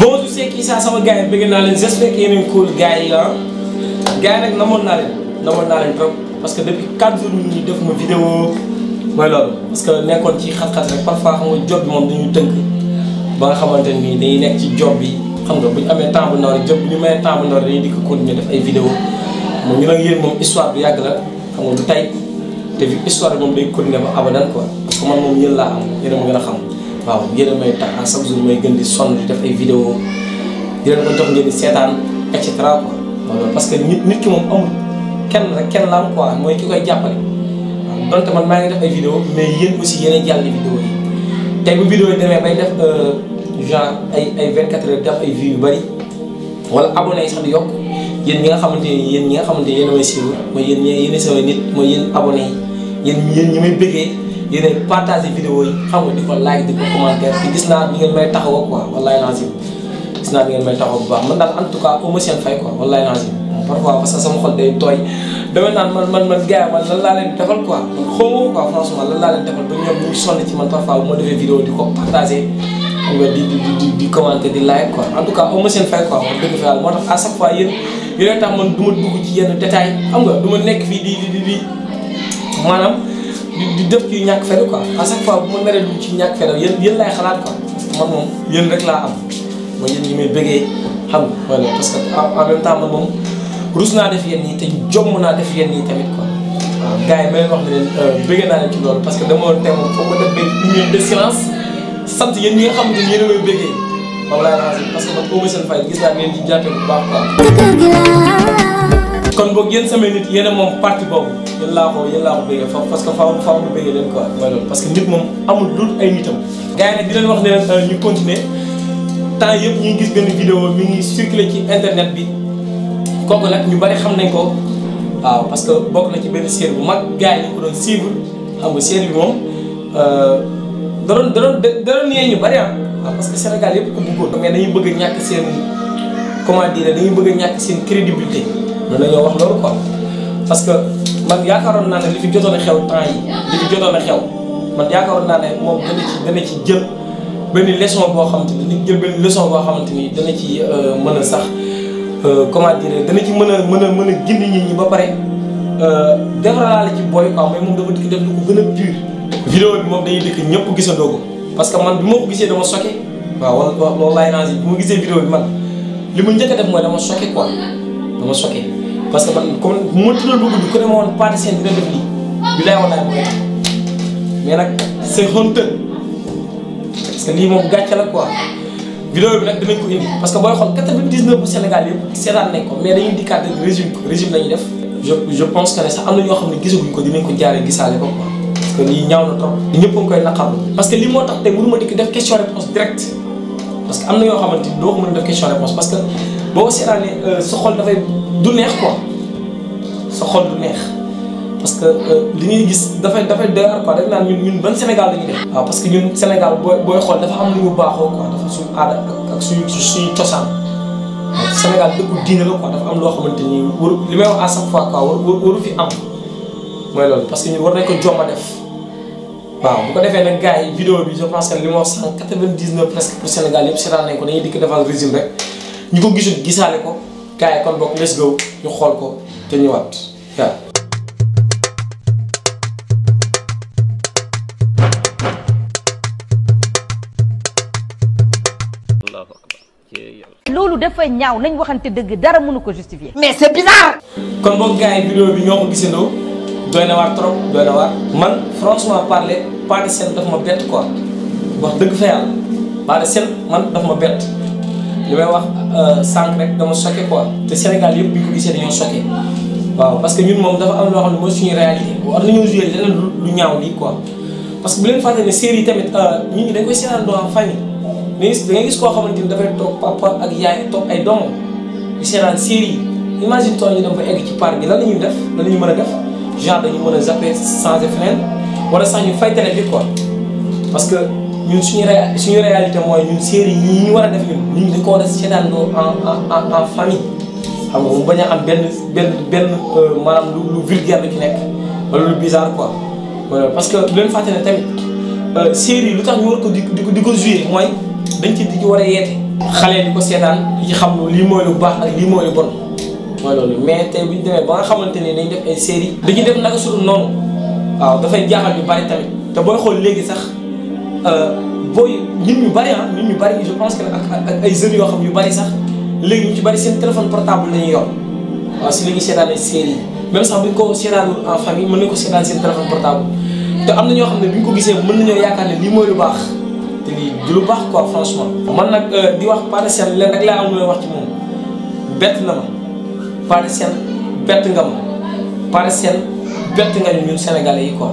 bon je sais kii saa sama gars yi bëgg naa leen j'espère que yéen a ngi cool gars ah. na moon naa leen namoon naa leen parce que def 4 jours ñu def ma vidéo mooy loolu parce que nekkoon ci xat-xat rek parfois xam nga job bi moom dañu tënk ba nga xamante ni dañuy nekk ci job bi xam nga bu ñu amee temps bu ndaw rek job bi ñu may temps bu ndaw rek dañuy di ko continuer def ay vidéo moom ñu nag yéen moom histoire bi yàgg la xam nga du tey te histoire bi moom day continuer ba abadan quoi parce man moom yéen laa am yéen a ma a xam waaw yéen a may tax à chaque jour may gën di son di def ay vidéo di leen ko jox ngeen di seetaan et cetera quoi. parce que nit nit ki moom amul kenn kenn la am mooy ki koy jàppale waaw donte man maa ngi def ay vidéo mais yéen aussi yéen a jàll vidéo yi tey bu vidéo yi demee bay def euh, genre ay ay 24 heures def ay yu bëri wala abonné yi sax di yokk yéen ñi nga xamante ni yéen ñi nga xamante ni yéen a may mooy yéen ñi yéen a nit mooy yéen abonné yi yéen yéen ñi may yéenay partagé vidéo yi xam nga di ko like di ko commentaire te gis naa ni ngeen may taxawoo quoi wallaay ni may taxawoo bu baax man daal tout cas au monsieur Faye quoi wallaay lancé parfois parce que sama xol day tooy ma defee vidéo di ko partagé. xam nga di di di commenter di like quoi en tout cas au monsieur Faye quoi wax dëgg fa yàlla moo tax man du xam nga du ma nekk fii di di di maanaam. di def ci ñàkk fere quoi à chaque fois bu ma meree lu ci ñàkk fere man moom yéen rek laa am mooy yéen ñi may bëggee xam nga voilà parce que en même moom rus naa def yéen ñi te jomm naa def yéen ñi tamit quoi. waaw gars yi ma leen wax euh, naa leen ci loolu parce que dama doon foofu def benn union de silence sant yéen ñi nga xamante ni yéen a may bëggee moom laay raxas parce que man boo ma seen fay gis naa ngeen ci jàppee bu baax quoi. kon boog yéen samay nit yéen moom parti boobu yéen laa ko yéen laa ko parce que fa faaw mu bëggee leen quoi mooy loolu parce que nit moom amul lu ay nitam. gars yi nag di leen wax ne leen euh, ñu continuer temps yëpp ñu ngi gis benn vidéo mi ngi circulé ci internet bi kooku nag ñu bari xam nañ ko waaw parce que bokk na ci benn série bu mag gars yi ñu ko doon suivre xam nga série bi moom euh, da doon da doon da doon yee ah. que Sénégal yëpp ko bëggoon mais dañuy bëgg a ñàkk seen comment dire dañuy bëgg a ñàkk seen crédibilité. mën nañoo wax loolu quoi parce que man yaakaaroon naa ne li fi jotoon a xew temps yi li fi jotoon a xew man yaakaaroon naa ne moom dana ci dana ci jël benn leçon boo xamante ni dana jël benn leçon boo ni dana ci euh, mën a sax euh, comment dire dana ci mën a mën a mën a gindi nit ba pare euh, defaraale ci booy quoi mais moom dafa dikk def lu ko gën a pur. vidéo bi moom dañuy dikk ñëpp gisandoo ko parce que man bi moo ko gisee dama choqué waaw wala loolu laay naa si bi ma gisee vidéo bi man li ma njëkk a def mooy dama choqué quoi dama choqué. parce que man comme mu tuddal ba guddi ku ne ma woon pâtissier dina def lii bi lay walaay ba mais nag c'est honteux parce que moom gàcce la quoi. vidéo bi nag dinañ ko indi parce que booy xool quatre vingt dix bu Sénégal yëpp seetaan nañ ko mais dañuy dikkaat rek régime régime la def. je je pense que ne sax am na ñoo xam ne gisaguñ ko dinañ ko jaaree gisaale ko quoi. parce que lii ñaaw na trop. ñëpp a koy naqarlu. parce que li moo tax tey mënu ma dikk def question réponse direct parce que ni doo que. boo seetaanee euh, sa xol dafay du neex ko sa xol du neex parce que euh, li ñuy gis dafay dafay doy waar quoi dañ ñun ñun ban Sénégal la ñu def. waaw parce que ñun Sénégal booy booy xool dafa am lu ñu baaxoo quoi dafa suñu aada ak suñu suñu cosaan Sénégal dëkku diine la quoi dafa am loo xamante ni waru li may wax à chaque fois quoi waru fi am mooy loolu parce que ñun war nañ ko jomma def waaw bu ko defee nag gars yi vidéo bi je pense que li ma wax cent ñu ko gisul gisaale ko gars kon boog let's go ñu xool ko te ñëwaat waaw. loolu dafa ñaaw nañ waxante dëgg dara mënu ko justifier. mais c'est bizarre. kon boog gars yi bi ñoo ko gisandoo doy na waar trop doy na waar man franchement parler Patisen dafa ma bett quoi wax dëgg fa yàlla Patisen man dafa ma bett. li may wax euh, sànq rek dama choqué quoi te Sénégal yëpp bi ko gisee dañoo choqué waaw parce que ñun moom dafa am loo xam ne mooy suñu réalité war nañoo joué leneen lu ñaaw lii quoi. parce que bu leen fàtte ne série tamit euh, nit ñi dañ gis koo xamante ni dafay toog papa ak yaay toog ay doomam di seetaan série yi imagine tool ñu dem ba egg ci par bi lan la ñuy def lan la ñuy mën a def genre dañu mën a zapper changer feneen wala sax ñu fay télé bi ñun suñu ré suñu réalité mooy ñun série yi ñu war a def ñun ñun dañu ko war a seetaan en en en famille. xam nga mu bañ am benn benn benn euh, maanaam lu lu vulgaire lu ci nekk wala lu bizarre parce que bu leen fàtte ne tamit euh, série lu tax ñu war ko di ko di ko joué mooy dañ ci di war a yeete. xale di ko seetaan di xam lii mooy lu baax ak lii mooy lu bon mooy loolu mais tey bu ñu demee ba nga xamante ni dañ def ay série dañuy def naka suuf noonu waaw dafay jaaxal yu bari tamit te booy xool léegi sax. Euh, boy ñun ñu bari ah ñun ñu bari je pense que ak ak ay jeunes yoo xam yu bari sax léegi ñu ci bari seen téléphone portable la ñuy yor waaw si la ñuy seetaan ay série même sax bu ñu ko seetaanul en famille mën ko seetaan seen téléphone portable te am na ñoo xam ne bu ñu ko gisee mën nañoo yaakaar ne lii mooy lu baax te lii du lu baax quoi franchement. man nag euh, di wax Pathé Sène leen rek laa am lu wax ci moom bett na ma Pathé Sène nga ma Pathé Sène nga ñun sénégalais yi quoi.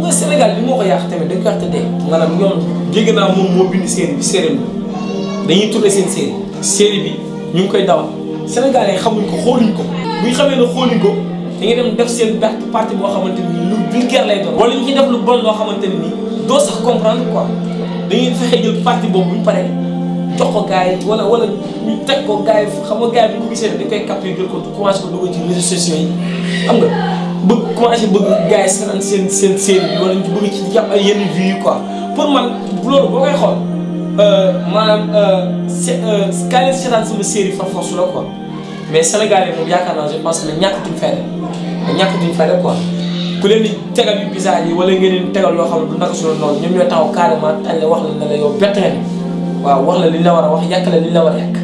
xam Sénégal bi moo ko yàq tamit dañ ko yàq te dee maanaam ñoom dégg naa moom moo bind série bi série bi dañuy tourné seen série série bi ñu ngi koy daw sénégalais xamuñ ko xooluñ ko bu ñu xamee ne xooluñ ko dañuy dem def seen benn parti boo xamante ni lu lay doon wala ñu ciy def lu bon loo xamante ni doo sax comprendre quoi dañuy fexe jël parti boobu bu ñu paree jox ko gars yi wala wala ñu teg ko gars yi xam nga gars yi bu ñu ko gisee dañ koy capté jël ko commencé ko dugal ci réseaux sociaux yi xam nga bëgg commencé bëgg gars yi seen seen seen seen bi wala ñu bëgg ci jàpp ay yenn vues yi quoi pour man loolu boo koy xool euh, maanaam se kaay leen seetaan sama série far force la quoi mais sénégalais moom yaakaar naa je pense ne ñàkkatuñ fayda ñàkkatuñ fayda quoi ku leen di tegal yu bizarre yi wala ngeen di tegal loo xam ne du naka suñu noonu ñoom ñoo taxaw carrément tañ la wax la ne la yow bett ngeen waaw wax la li ñu la war a wax yàq la li ñu la war a yàq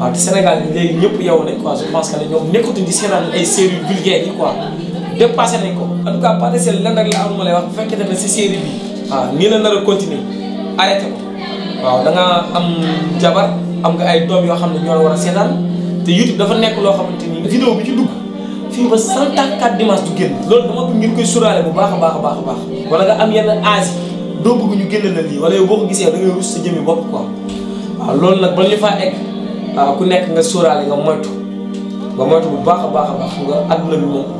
waaw te Sénégal léegi ñëpp yow nañ quoi je pense que ne ñoom nekkatuñ di seetaan ay série vulgaire yi quoi dépassé nañ ko en tout cas Pathé Sène lan rek la am lay wax bu fekkee ne si série bi waaw nii la nar a continuer arrêté ko waaw da nga am jabar am nga ay doom yoo xam ne ñoo la war a seetaan te YouTube dafa nekk loo xamante ni vidéo bi ci dugg fii ba 104 dimanche du génn loolu dama bëgg ngeen koy suraale bu baax a baax a baax a wala nga am yenn âge doo bëgg ñu génn la lii wala yow boo ko gisee da ngay rus sa jëmmi bopp quoi waaw loolu nag ba ñu faa egg waaw ku nekk nga suraale nga moytu nga bu baax a baax nga àdduna bi moom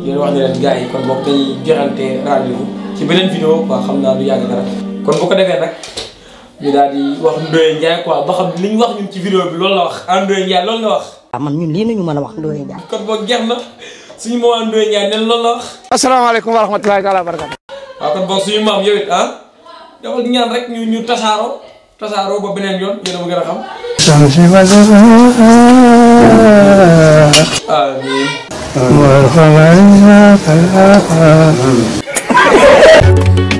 leen wax ne leen gars yi kon boog dañuy joxante rendez ci beneen vidéo quoi xam naa du dara kon bu ko ñu di wax Ndoye Ndiaye quoi ba xam li wax ñun ci vidéo bi loolu la wax ah Ndoye loolu la wax. Ah, man ñun lii nañu wax kon na suñu loolu la wax. wa wa ah, kon suñu ah dafa ñaan rek ñu ñu tasaaroo tasaaroo ba beneen yoon xam. Ngồi hồi lấy phải